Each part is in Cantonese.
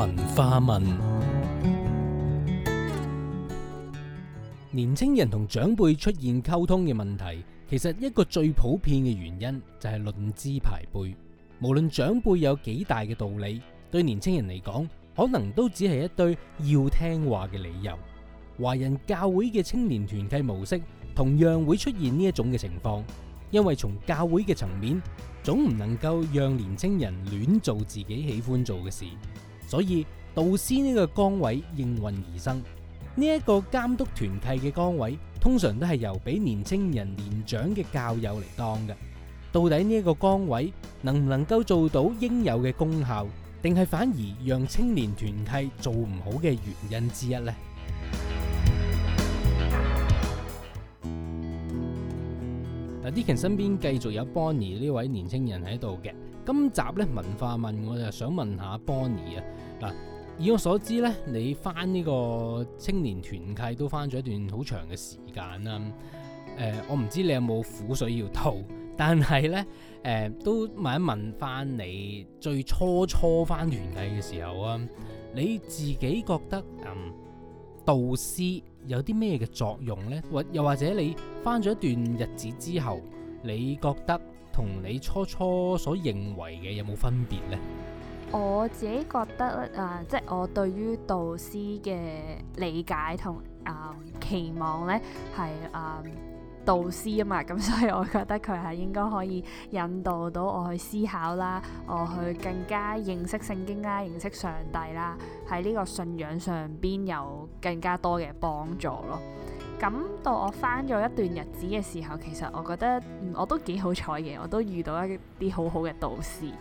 文化問：年青人同長輩出現溝通嘅問題，其實一個最普遍嘅原因就係論資排輩。無論長輩有幾大嘅道理，對年青人嚟講，可能都只係一堆要聽話嘅理由。華人教會嘅青年團契模式，同樣會出現呢一種嘅情況，因為從教會嘅層面，總唔能夠讓年青人亂做自己喜歡做嘅事。所以導師呢個崗位應運而生，呢一個監督團契嘅崗位通常都係由比年青人年長嘅教友嚟當嘅。到底呢一個崗位能唔能夠做到應有嘅功效，定係反而讓青年團契做唔好嘅原因之一呢？ Deakin 身邊繼續有 Bonnie 呢位年青人喺度嘅。今集咧文化問，我就想問下 Bonnie 啊，嗱，以我所知咧，你翻呢個青年團契都翻咗一段好長嘅時間啦。誒、呃，我唔知你有冇苦水要吐，但係咧誒，都問一問翻你最初初翻團契嘅時候啊，你自己覺得，嗯導師有啲咩嘅作用咧？或又或者你翻咗一段日子之後，你覺得？同你初初所認為嘅有冇分別呢？我自己覺得啊、呃，即係我對於導師嘅理解同啊、呃、期望咧，係啊、呃、導師啊嘛，咁所以我覺得佢係應該可以引導到我去思考啦，我去更加認識聖經啦，認識上帝啦，喺呢個信仰上邊有更加多嘅幫助咯。咁到我翻咗一段日子嘅時候，其實我覺得我都幾好彩嘅，我都遇到一啲好好嘅導師。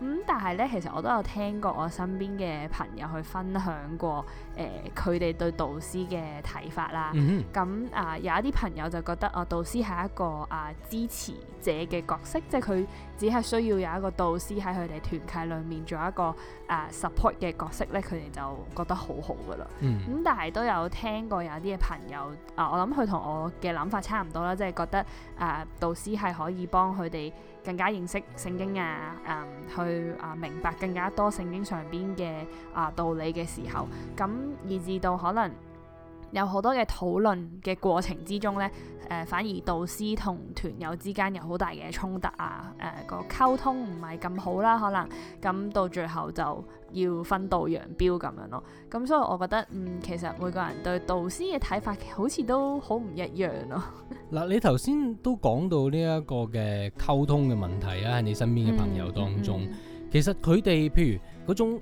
嗯、但係咧，其實我都有聽過我身邊嘅朋友去分享過，誒佢哋對導師嘅睇法啦。咁啊、嗯哼嗯呃、有一啲朋友就覺得啊導師係一個啊、呃、支持者嘅角色，即係佢只係需要有一個導師喺佢哋團契裏面做一個啊、呃、support 嘅角色咧，佢哋就覺得好好噶啦。咁、嗯嗯、但係都有聽過有啲嘅朋友啊、呃，我諗佢同我嘅諗法差唔多啦，即係覺得啊、呃、導師係可以幫佢哋。更加認識聖經啊，誒、嗯、去啊明白更加多聖經上邊嘅啊道理嘅時候，咁以至到可能有好多嘅討論嘅過程之中咧，誒、呃、反而導師同團友之間有好大嘅衝突啊，誒、啊啊嗰個溝通唔係咁好啦，可能咁到最後就要分道揚鑣咁樣咯，咁所以我覺得嗯，其實每個人對導師嘅睇法，好似都好唔一樣咯。嗱，你頭先都講到呢一個嘅溝通嘅問題啊，喺你身邊嘅朋友當中，嗯嗯、其實佢哋譬如嗰種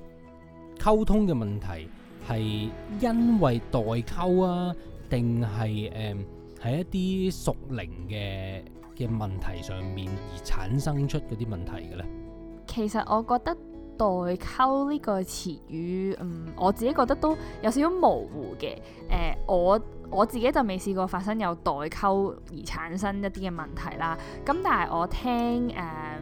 溝通嘅問題，係因為代溝啊，定係誒喺一啲屬靈嘅嘅問題上面而產生出嗰啲問題嘅咧？其實我覺得。代溝呢個詞語，嗯，我自己覺得都有少少模糊嘅。誒、呃，我我自己就未試過發生有代溝而產生一啲嘅問題啦。咁但係我聽誒、呃、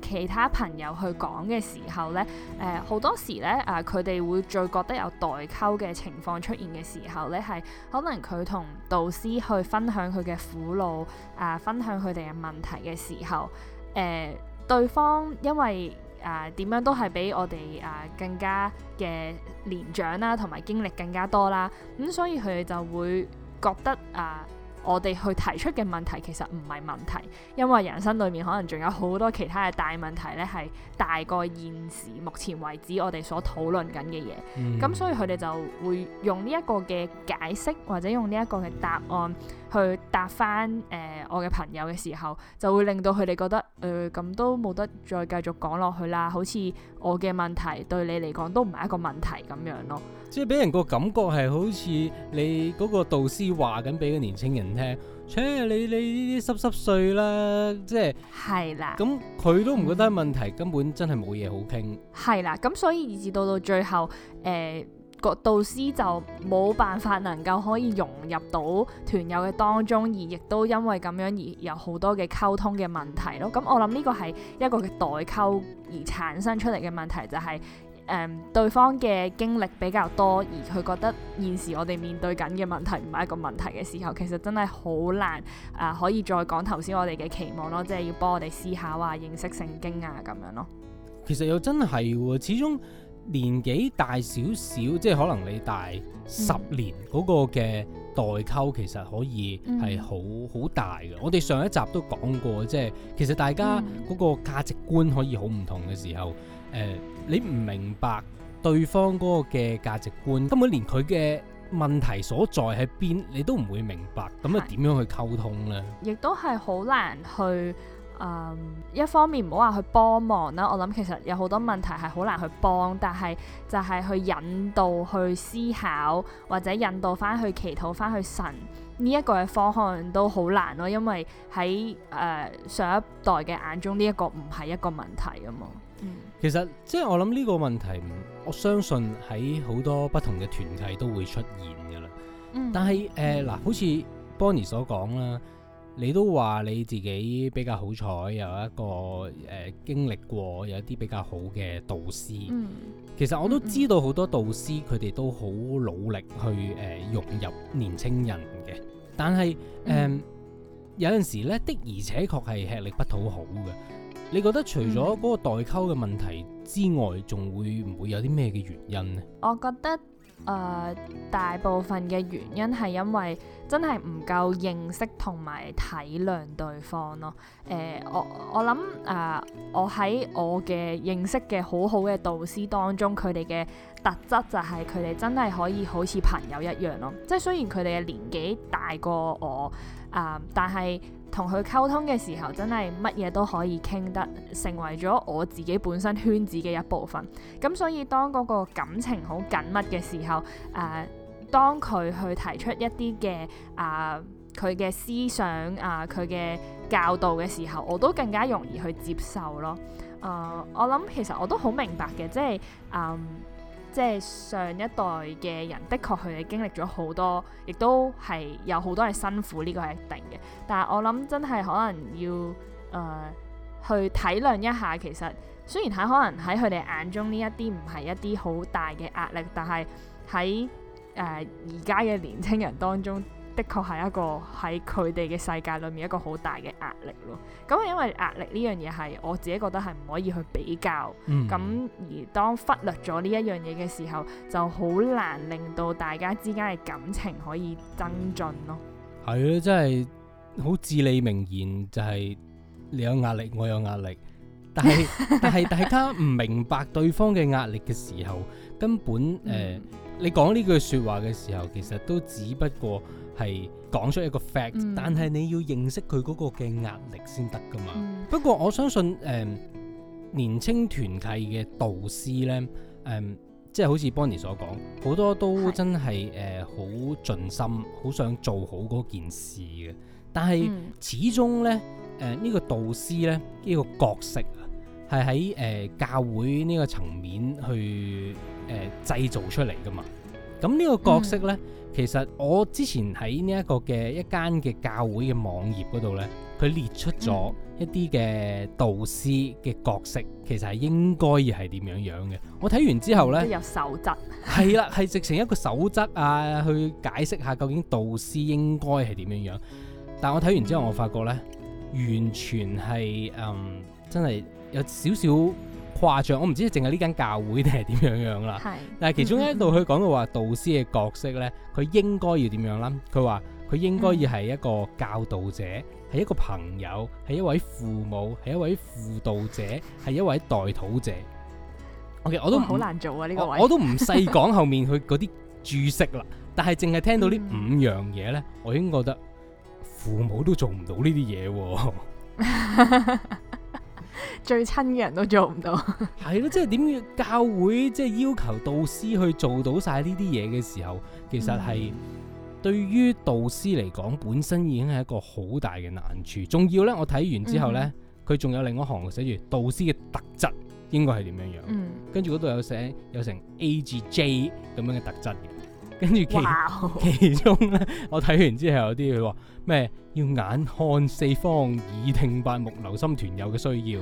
其他朋友去講嘅時候咧，誒、呃、好多時咧啊，佢、呃、哋會最覺得有代溝嘅情況出現嘅時候咧，係可能佢同導師去分享佢嘅苦惱啊，分享佢哋嘅問題嘅時候，誒、呃、對方因為。誒、點、呃、樣都係比我哋誒、呃、更加嘅年長啦，同埋經歷更加多啦。咁、嗯、所以佢哋就會覺得誒、呃，我哋去提出嘅問題其實唔係問題，因為人生裏面可能仲有好多其他嘅大問題咧，係大過現時目前為止我哋所討論緊嘅嘢。咁、嗯、所以佢哋就會用呢一個嘅解釋，或者用呢一個嘅答案，去答翻誒、呃、我嘅朋友嘅時候，就會令到佢哋覺得，誒、呃、咁都冇得再繼續講落去啦。好似我嘅問題對你嚟講都唔係一個問題咁樣咯。即係俾人個感覺係好似你嗰個導師話緊俾個年青人聽，請、欸、你你呢啲濕濕碎啦，即係係啦。咁佢都唔覺得問題、嗯、根本真係冇嘢好傾。係啦，咁所以而直到到最後誒。呃個導師就冇辦法能夠可以融入到團友嘅當中，而亦都因為咁樣而有好多嘅溝通嘅問題咯。咁我諗呢個係一個嘅代溝而產生出嚟嘅問題，就是，就係誒對方嘅經歷比較多，而佢覺得現時我哋面對緊嘅問題唔係一個問題嘅時候，其實真係好難啊、呃，可以再講頭先我哋嘅期望咯，即係要幫我哋思考啊、認識聖經啊咁樣咯。其實又真係喎、哦，始終。年紀大少少，即係可能你大、嗯、十年嗰個嘅代溝，其實可以係好好大㗎。我哋上一集都講過，即係其實大家嗰個價值觀可以好唔同嘅時候，誒、呃、你唔明白對方嗰個嘅價值觀，根本連佢嘅問題所在喺邊，你都唔會明白，咁啊點樣去溝通呢？亦都係好難去。誒，um, 一方面唔好話去幫忙啦，我諗其實有好多問題係好難去幫，但係就係去引導、去思考或者引導翻去祈禱翻去神呢一、這個嘅方向都好難咯，因為喺誒、呃、上一代嘅眼中呢一、這個唔係一個問題啊嘛。嗯、其實即係、就是、我諗呢個問題，我相信喺好多不同嘅團體都會出現噶啦。但係誒嗱，好似 Bonnie 所講啦。你都話你自己比較好彩，有一個誒、呃、經歷過有一啲比較好嘅導師。嗯、其實我都知道好多導師佢哋、嗯、都好努力去誒、呃、融入年青人嘅，但係誒、呃嗯、有陣時呢，的而且確係吃力不討好嘅。你覺得除咗嗰個代溝嘅問題之外，仲會唔會有啲咩嘅原因呢？我覺得誒、呃、大部分嘅原因係因為，真係唔夠認識同埋體諒對方咯。誒、呃，我我諗啊，我喺、呃、我嘅認識嘅好好嘅導師當中，佢哋嘅特質就係佢哋真係可以好似朋友一樣咯。即係雖然佢哋嘅年紀大過我啊、呃，但係同佢溝通嘅時候，真係乜嘢都可以傾得，成為咗我自己本身圈子嘅一部分。咁所以當嗰個感情好緊密嘅時候，誒、呃。當佢去提出一啲嘅啊，佢、呃、嘅思想啊，佢、呃、嘅教導嘅時候，我都更加容易去接受咯。誒、呃，我諗其實我都好明白嘅，即係誒、嗯，即係上一代嘅人，的確佢哋經歷咗好多，亦都係有好多係辛苦，呢、這個係一定嘅。但係我諗真係可能要誒、呃、去體諒一下，其實雖然喺可能喺佢哋眼中呢一啲唔係一啲好大嘅壓力，但係喺誒，而家嘅年青人當中的確係一個喺佢哋嘅世界裏面一個好大嘅壓力咯。咁係因為壓力呢樣嘢，係我自己覺得係唔可以去比較。咁、嗯、而當忽略咗呢一樣嘢嘅時候，就好難令到大家之間嘅感情可以增進咯。係咯，真係好至理名言就係、是、你有壓力，我有壓力，但係 但係但係大家唔明白對方嘅壓力嘅時候，根本誒。呃嗯你講呢句説話嘅時候，其實都只不過係講出一個 fact，、嗯、但係你要認識佢嗰個嘅壓力先得噶嘛。嗯、不過我相信誒、呃、年青團契嘅導師呢，誒即係好似 Bonnie 所講，好多都真係誒好盡心，好想做好嗰件事嘅。但係始終呢，誒、呃、呢、這個導師呢，呢、這個角色啊，係喺誒教會呢個層面去。誒、呃，製造出嚟噶嘛？咁呢個角色呢，嗯、其實我之前喺呢一個嘅一間嘅教會嘅網頁嗰度呢，佢列出咗一啲嘅導師嘅角色，嗯、其實係應該要係點樣樣嘅。我睇完之後呢，有守則係啦，係 直成一個守則啊，去解釋下究竟導師應該係點樣樣。但我睇完之後，我發覺呢，完全係嗯，真係有少少。誇張，我唔知淨係呢間教會定係點樣樣啦。是但係其中一度佢講到話導師嘅角色呢，佢、嗯、哼應該要點樣啦？佢話佢應該要係一個教導者，係、嗯、一個朋友，係一位父母，係一位輔導者，係 一位代禱者。O K，我都好難做啊呢個位，我都唔細講後面佢嗰啲注釋啦。 但係淨係聽到呢五樣嘢呢，嗯、我已經覺得父母都做唔到呢啲嘢。 最親嘅人都做唔到，係咯，即係點樣教會即係、就是、要求導師去做到晒呢啲嘢嘅時候，其實係、嗯、對於導師嚟講，本身已經係一個好大嘅難處。仲要咧，我睇完之後咧，佢仲、嗯、有另一行寫住導師嘅特質應該係點樣樣，跟住嗰度有寫有成 A 至 J 咁樣嘅特質嘅。跟住其 Wow. 其中咧，我睇完之後有啲佢話咩要眼看四方，耳聽八目，留心團友嘅需要，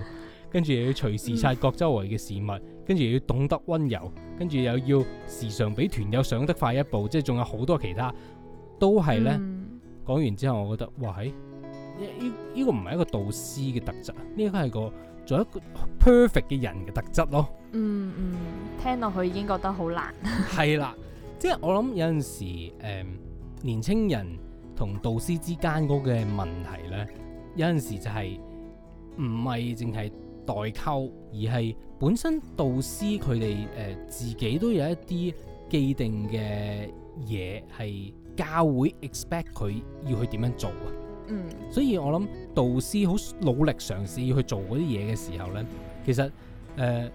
跟住又要隨時察覺周圍嘅事物，嗯、跟住又要懂得溫柔，跟住又要時常比團友上得快一步，即係仲有好多其他都係咧。講、嗯、完之後，我覺得哇，呢呢呢個唔係一個導師嘅特質，呢個係個做一個 perfect 嘅人嘅特質咯。嗯嗯，聽落去已經覺得好難。係啦。即係我諗有陣時，誒、嗯，年青人同導師之間嗰個問題呢，有陣時就係唔係淨係代溝，而係本身導師佢哋誒自己都有一啲既定嘅嘢，係教會 expect 佢要去點樣做啊。嗯，所以我諗導師好努力嘗試要去做嗰啲嘢嘅時候呢，其實誒、呃，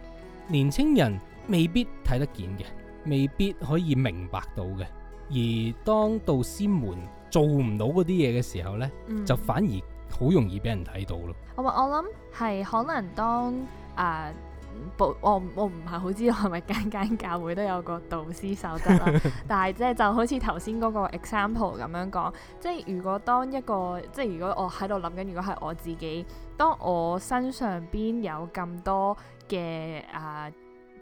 年青人未必睇得見嘅。未必可以明白到嘅，而當導師們做唔到嗰啲嘢嘅時候咧，嗯、就反而好容易俾人睇到咯。我我諗係可能當啊、呃，我我唔係好知道係咪間間教會都有個導師守則啦， 但係即係就好似頭先嗰個 example 咁樣講，即係如果當一個即係如果我喺度諗緊，如果係我自己，當我身上邊有咁多嘅啊，呃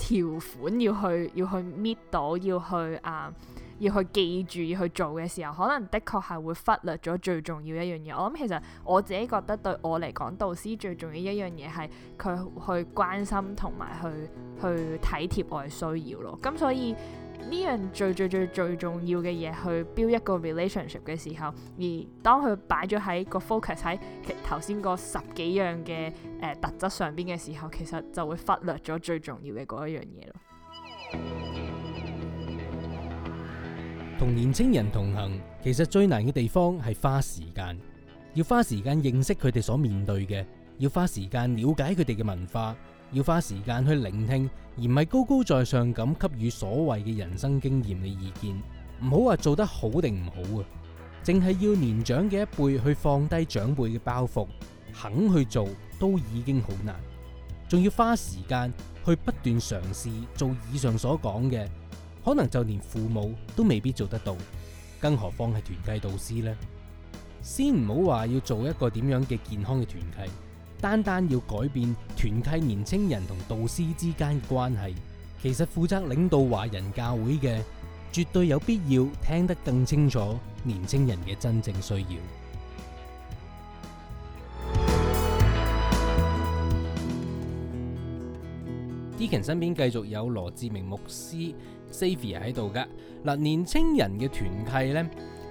條款要去要去搣到，要去啊、呃、要去記住，要去做嘅時候，可能的確係會忽略咗最重要一樣嘢。我諗其實我自己覺得對我嚟講，導師最重要一樣嘢係佢去關心同埋去去體貼我嘅需要咯。咁所以，呢樣最最最最重要嘅嘢去 build 一個 relationship 嘅時候，而當佢擺咗喺個 focus 喺頭先嗰十幾樣嘅誒、呃、特質上邊嘅時候，其實就會忽略咗最重要嘅嗰一樣嘢咯。同年青人同行，其實最難嘅地方係花時間，要花時間認識佢哋所面對嘅，要花時間了解佢哋嘅文化。要花時間去聆聽，而唔係高高在上咁給予所謂嘅人生經驗嘅意見。唔好話做得好定唔好啊，淨係要年長嘅一輩去放低長輩嘅包袱，肯去做都已經好難，仲要花時間去不斷嘗試做以上所講嘅，可能就連父母都未必做得到，更何況係團契導師呢？先唔好話要做一個點樣嘅健康嘅團契。單單要改變團契年青人同導師之間嘅關係，其實負責領導華人教會嘅絕對有必要聽得更清楚年青人嘅真正需要。Deakin 身邊繼續有羅志明牧師 Xavier 喺度㗎。嗱，年青人嘅團契呢，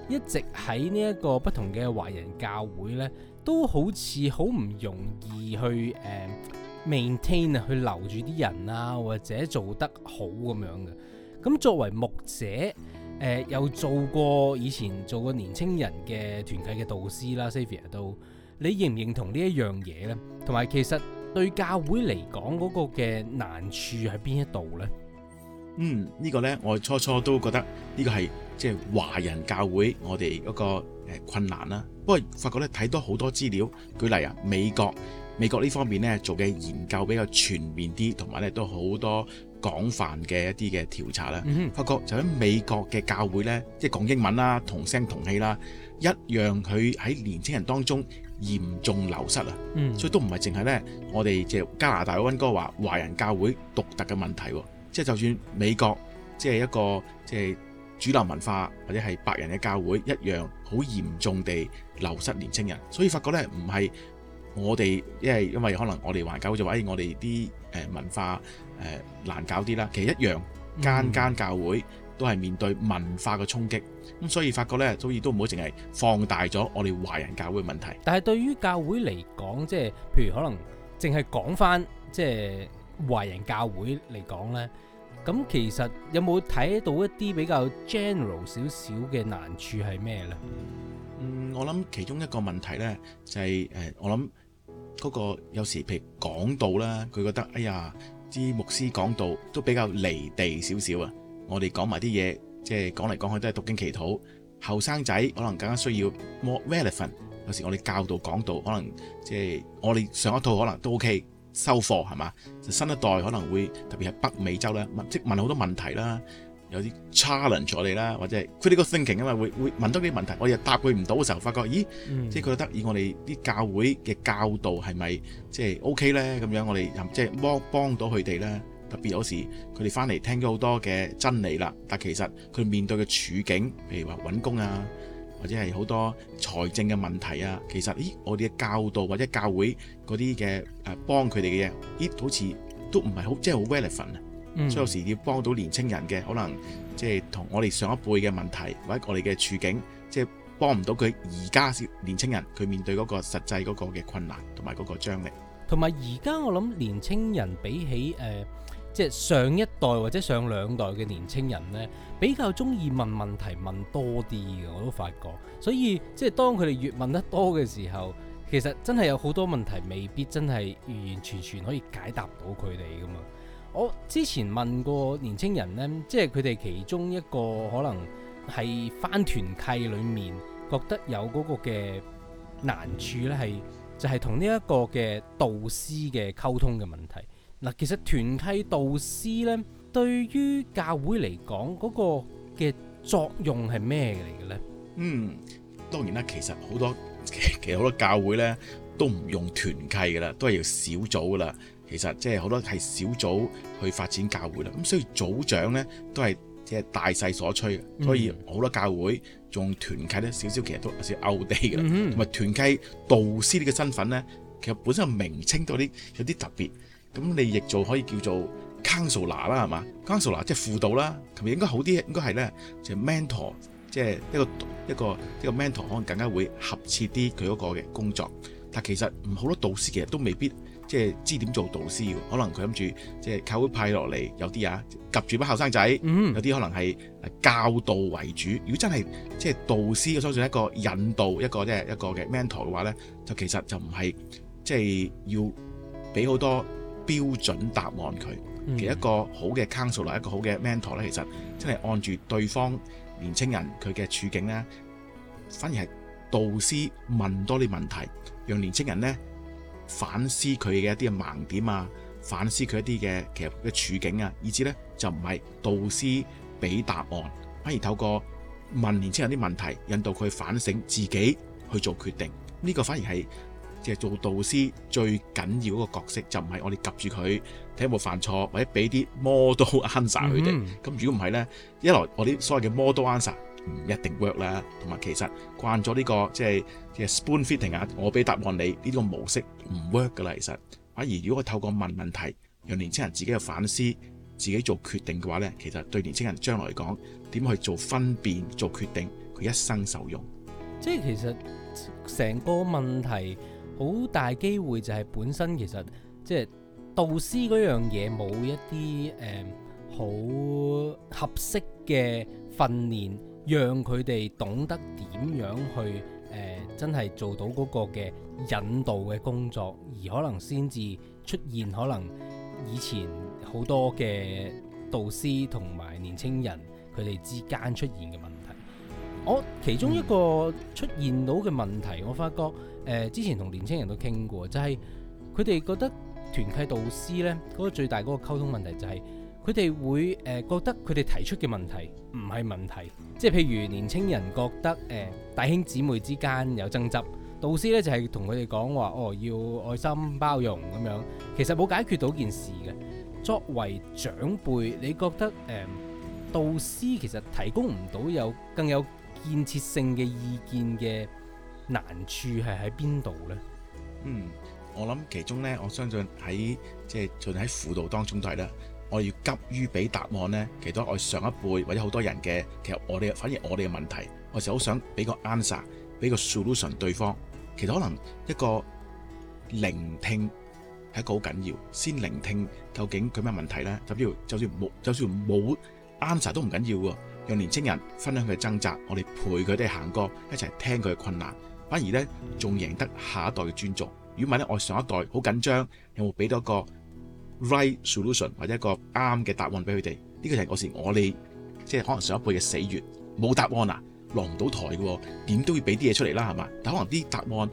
一直喺呢一個不同嘅華人教會呢。都好似好唔容易去誒、uh, maintain 去留住啲人啊，或者做得好咁樣嘅。咁作為牧者，誒、呃、又做過以前做過年青人嘅團契嘅導師啦 Xavier 都，你認唔認同呢一樣嘢呢？同埋其實對教會嚟講嗰個嘅難處喺邊一度呢？嗯，呢、這個呢，我初初都覺得呢個係即係華人教會我哋嗰個誒困難啦。不過發覺咧睇到好多資料，舉例啊，美國美國呢方面咧做嘅研究比較全面啲，同埋咧都好多廣泛嘅一啲嘅調查啦。嗯、哼發覺就喺美國嘅教會呢，即係講英文啦，同聲同氣啦，一樣佢喺年青人當中嚴重流失啊。嗯、所以都唔係淨係呢，我哋即加拿大溫哥華華人教會獨特嘅問題。即係就算美國，即係一個即係主流文化或者係白人嘅教會一樣，好嚴重地流失年青人。所以發覺咧，唔係我哋，因為因為可能我哋華人教會就話，我哋啲誒文化誒難搞啲啦。其實一樣間間教會都係面對文化嘅衝擊。咁、嗯、所以發覺咧，所以都唔好淨係放大咗我哋華人教會嘅問題。但係對於教會嚟講，即係譬如可能淨係講翻即係。華人教會嚟講呢，咁其實有冇睇到一啲比較 general 少少嘅難處係咩呢？嗯，我諗其中一個問題呢就係誒，我諗嗰個有時譬如講道啦，佢覺得哎呀啲牧師講道都比較離地少少啊。我哋講埋啲嘢，即係講嚟講去都係讀經祈禱。後生仔可能更加需要 more relevant。有時我哋教導講道，可能即係我哋上一套可能都 OK。收貨係嘛？就新一代可能會特別係北美洲咧，問即問好多問題啦，有啲 challenge 在你啦，或者 critical thinking 啊嘛，會會問多啲問題。我哋又答佢唔到嘅時候，發覺咦，嗯、即佢得以我哋啲教會嘅教導係咪即 ok 咧？咁樣我哋又即幫幫到佢哋咧。特別有時佢哋翻嚟聽咗好多嘅真理啦，但其實佢面對嘅處境，譬如話揾工啊。嗯或者係好多財政嘅問題啊，其實咦，我哋嘅教導或者教會嗰啲嘅誒幫佢哋嘅嘢，咦，好似都唔係好即係好 relevant 啊。嗯、所以有時要幫到年青人嘅，可能即係同我哋上一輩嘅問題或者我哋嘅處境，即係幫唔到佢而家年青人佢面對嗰個實際嗰個嘅困難同埋嗰個張力。同埋而家我諗年青人比起誒。呃即係上一代或者上兩代嘅年青人呢，比較中意問問題問多啲嘅，我都發覺。所以即係當佢哋越問得多嘅時候，其實真係有好多問題未必真係完完全全可以解答到佢哋㗎嘛。我之前問過年青人呢，即係佢哋其中一個可能係返團契裏面覺得有嗰個嘅難處呢，係就係同呢一個嘅導師嘅溝通嘅問題。嗱，其實團契導師咧，對於教會嚟講嗰個嘅作用係咩嚟嘅咧？嗯，當然啦，其實好多其實好多教會咧都唔用團契噶啦，都係要小組噶啦。其實即係好多係小組去發展教會啦。咁所以組長咧都係即係大勢所趨，所以好多教會用團契咧少少，其實都有少拗地嘅。同埋團契導師呢個身份咧，其實本身個名稱都有啲有啲特別。咁你亦做可以叫做 counselor 啦，係嘛，counselor 即係輔導啦，同埋應該好啲，應該係咧就係 mentor 即係一個一個一個 mentor 可能更加會合切啲佢嗰個嘅工作。但其實唔好多導師其實都未必即係、就是、知點做導師，可能佢諗住即係教會派落嚟有啲啊，及住班後生仔，有啲、mm hmm. 可能係教導為主。如果真係即係導師嘅，我相信一個引導一個即係、就是、一個嘅 mentor 嘅話咧，就其實就唔係即係要俾好多。標準答案佢其實一個好嘅 counsel 一個好嘅 mentor 咧，其實真係按住對方年青人佢嘅處境咧，反而係導師問多啲問題，讓年青人咧反思佢嘅一啲盲點啊，反思佢一啲嘅其實嘅處境啊，以致咧就唔係導師俾答案，反而透過問年青人啲問題，引導佢反省自己去做決定，呢、這個反而係。即係做導師最緊要嗰個角色，就唔係我哋及住佢睇有冇犯錯，或者俾啲 model answer 佢哋、嗯。咁如果唔係咧，一來我啲所謂嘅 model answer 唔一定 work 啦，同埋其實慣咗呢個即係嘅 spoon feeding 啊，我俾答案你呢個模式唔 work 噶啦。其實，反而如果我透過問問題，讓年青人自己去反思、自己做決定嘅話咧，其實對年青人將來嚟講，點去做分辨、做決定，佢一生受用。即係其實成個問題。好大機會就係本身其實即係導師嗰樣嘢，冇一啲誒好合適嘅訓練，讓佢哋懂得點樣去誒真係做到個嘅引導嘅工作，而可能先至出現可能以前好多嘅導師同埋年青人佢哋之間出現嘅問題。我、oh, 其中一個出現到嘅問題，嗯、我發覺誒、呃、之前同年青人都傾過，就係佢哋覺得團契導師呢嗰、嗰個最大嗰個溝通問題就係佢哋會誒、呃、覺得佢哋提出嘅問題唔係問題，即係譬如年青人覺得誒弟、呃、兄姊妹之間有爭執，導師呢就係同佢哋講話哦，要愛心包容咁樣，其實冇解決到件事嘅。作為長輩，你覺得誒、呃、導師其實提供唔到有更有建設性嘅意見嘅難處係喺邊度咧？嗯，我諗其中咧，我相信喺即係在喺輔導當中都係啦，我哋要急於俾答案咧，其實我上一輩或者好多人嘅，其實我哋反而我哋嘅問題，我成日好想俾個 answer，俾個 solution 對方，其實可能一個聆聽係一個好緊要，先聆聽究竟佢咩問題咧，就只要就算冇就算冇 answer 都唔緊要㗎。讓年青人分享佢嘅掙扎，我哋陪佢哋行過，一齊聽佢嘅困難，反而咧仲贏得下一代嘅尊重。如果問咧我上一代好緊張，有冇俾到個 right solution 或者一個啱嘅答案俾佢哋？呢個就係嗰時我哋即係可能上一輩嘅死穴，冇答案啊，落唔到台嘅，點都要俾啲嘢出嚟啦，係嘛？但可能啲答案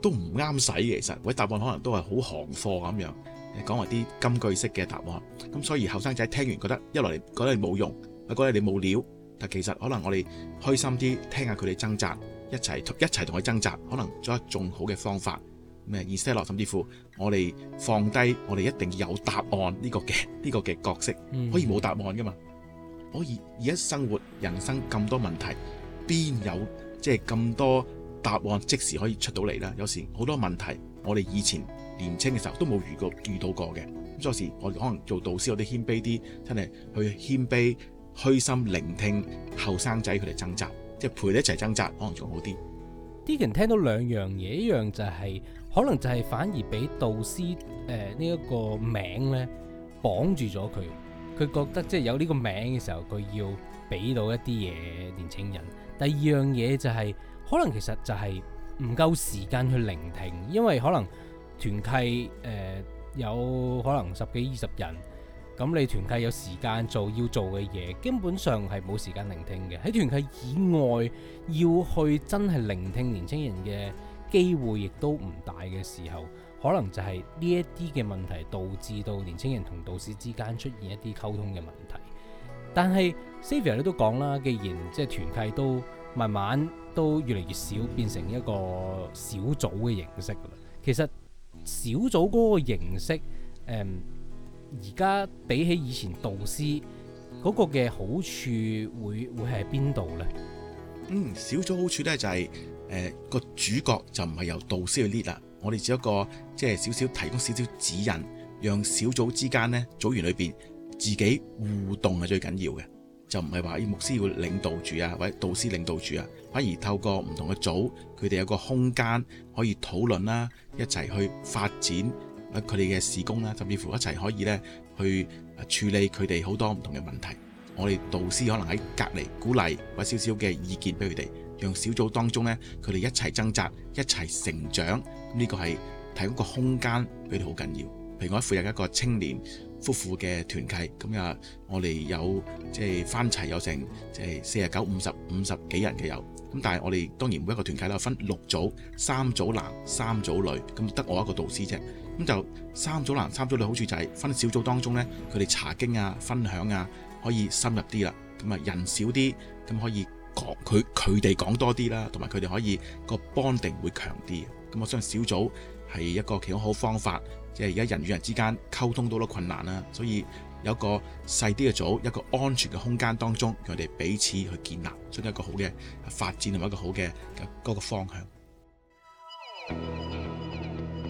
都唔啱使嘅，其實喂，或者答案可能都係好行貨咁樣，講埋啲金句式嘅答案，咁所以而後生仔聽完覺得一來覺得冇用。阿哥咧，你冇料，但其實可能我哋開心啲，聽下佢哋掙扎，一齊一齊同佢掙扎，可能仲有仲好嘅方法。咩？二三六，甚至乎我哋放低，我哋一定要有答案呢個嘅呢個嘅角色，可以冇答案噶嘛？可以而家生活人生咁多問題，邊有即係咁多答案即時可以出到嚟啦？有時好多問題，我哋以前年青嘅時候都冇遇過遇到過嘅。好多時我哋可能做導師，我哋謙卑啲，真係去謙卑。虛心聆聽後生仔佢哋掙扎，即係陪佢一齊掙扎，可能仲好啲。Deakin 聽到兩樣嘢，一樣就係、是、可能就係反而俾導師誒呢一個名咧綁住咗佢，佢覺得即係有呢個名嘅時候，佢要俾到一啲嘢年青人。第二樣嘢就係、是、可能其實就係唔夠時間去聆聽，因為可能團契誒、呃、有可能十幾二十人。咁你團契有時間做要做嘅嘢，根本上係冇時間聆聽嘅。喺團契以外，要去真係聆聽年青人嘅機會，亦都唔大嘅時候，可能就係呢一啲嘅問題導致到年青人同導師之間出現一啲溝通嘅問題。但係 Xavier 你都講啦，既然即係團契都慢慢都越嚟越少，變成一個小組嘅形式，其實小組嗰個形式，誒、嗯。而家比起以前導師嗰、那個嘅好處會，會會係邊度呢？嗯，小組好處呢、就是，就係誒個主角就唔係由導師去 lead 啦，我哋只不過即係少少提供少少指引，讓小組之間呢，組員裏邊自己互動係最緊要嘅，就唔係話要牧師要領導住啊，或者導師領導住啊，反而透過唔同嘅組，佢哋有個空間可以討論啦，一齊去發展。佢哋嘅事工啦，甚至乎一齊可以呢去處理佢哋好多唔同嘅問題。我哋導師可能喺隔離鼓勵或少少嘅意見俾佢哋，讓小組當中呢，佢哋一齊掙扎，一齊成長。呢個係提供個空間俾佢好緊要。譬如我一負責一個青年夫婦嘅團契，咁又我哋有即係、就是、翻齊有成即係四十九、五十、五十幾人嘅有。咁但係我哋當然每一個團契咧分六組，三組男、三組女，咁得我一個導師啫。咁就三組男三組女，好處就係分小組當中呢，佢哋查經啊、分享啊，可以深入啲啦。咁啊，人少啲，咁可以講佢佢哋講多啲啦，同埋佢哋可以、那個 b 定 n d 會強啲。咁我相信小組係一個其他好方法，即係而家人與人之間溝通到都困難啦，所以有一個細啲嘅組，一個安全嘅空間當中，佢哋彼此去建立出一個好嘅發展同埋一個好嘅嗰、那個方向。